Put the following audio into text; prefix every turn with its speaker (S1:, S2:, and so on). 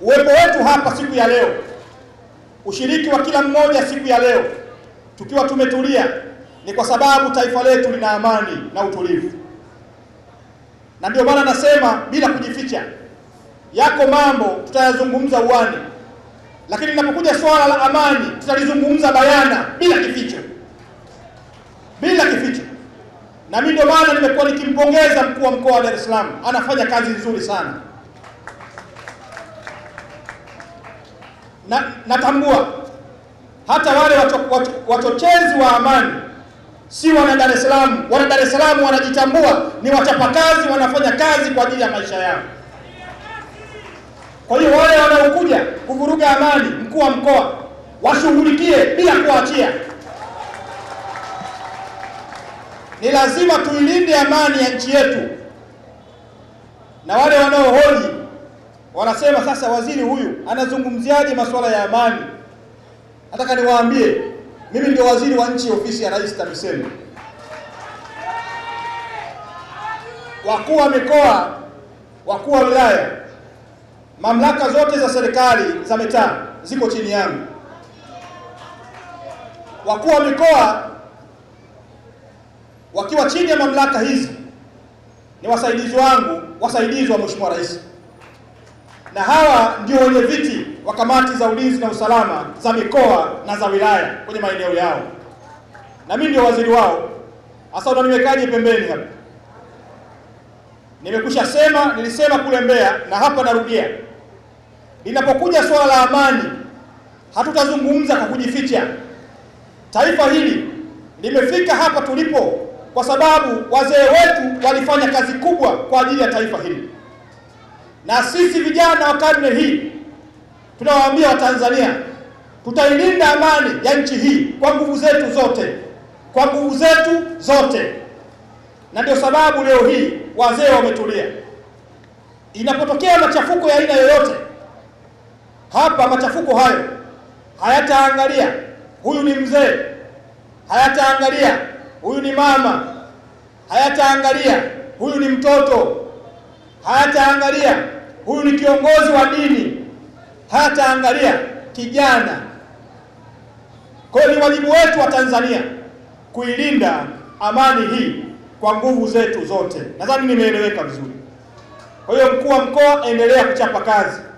S1: Uwepo wetu hapa siku ya leo, ushiriki wa kila mmoja siku ya leo, tukiwa tumetulia, ni kwa sababu taifa letu lina amani na utulivu, na ndio maana nasema bila kujificha, yako mambo tutayazungumza uwani, lakini linapokuja swala la amani tutalizungumza bayana, bila kificho, bila kificho. Na mimi ndio maana nimekuwa nikimpongeza mkuu wa mkoa wa Dar es Salaam, anafanya kazi nzuri sana. na, natambua hata wale wachochezi wa amani si wana Dar es Salaam. Wana Dar es Salaam wanajitambua, ni wachapakazi, wanafanya kazi kwa ajili ya maisha yao. Kwa hiyo wale wanaokuja kuvuruga amani, mkuu wa mkoa washughulikie bila kuachia. Ni lazima tuilinde amani ya nchi yetu, na wale wanaohoji Wanasema sasa, waziri huyu anazungumziaje masuala ya amani? Nataka niwaambie, mimi ndio waziri wa nchi ofisi ya Rais TAMISEMI. Wakuu wa mikoa, wakuu wa wilaya, mamlaka zote za serikali za mitaa ziko chini yangu. Wakuu wa mikoa wakiwa chini ya mamlaka hizi ni wasaidizi wangu, wasaidizi wa Mheshimiwa Rais na hawa ndio wenye viti wa kamati za ulinzi na usalama za mikoa na za wilaya kwenye maeneo yao, na mimi ndio waziri wao. Hasa unaniwekaje pembeni hapa? Nimekusha sema, nilisema kule Mbeya na hapa narudia, linapokuja suala la amani, hatutazungumza kwa kujificha. Taifa hili limefika hapa tulipo kwa sababu wazee wetu walifanya kazi kubwa kwa ajili ya taifa hili. Na sisi vijana wa karne hii tunawaambia Watanzania, tutailinda amani ya nchi hii kwa nguvu zetu zote, kwa nguvu zetu zote. Na ndio sababu leo hii wazee wametulia. Inapotokea machafuko ya aina yoyote hapa, machafuko hayo hayataangalia huyu ni mzee, hayataangalia huyu ni mama, hayataangalia huyu ni mtoto hataangalia huyu ni kiongozi wa dini, hataangalia kijana. Kwa hiyo ni wajibu wetu wa Tanzania kuilinda amani hii kwa nguvu zetu zote. Nadhani nimeeleweka vizuri. Kwa hiyo mkuu wa mkoa, endelea kuchapa kazi.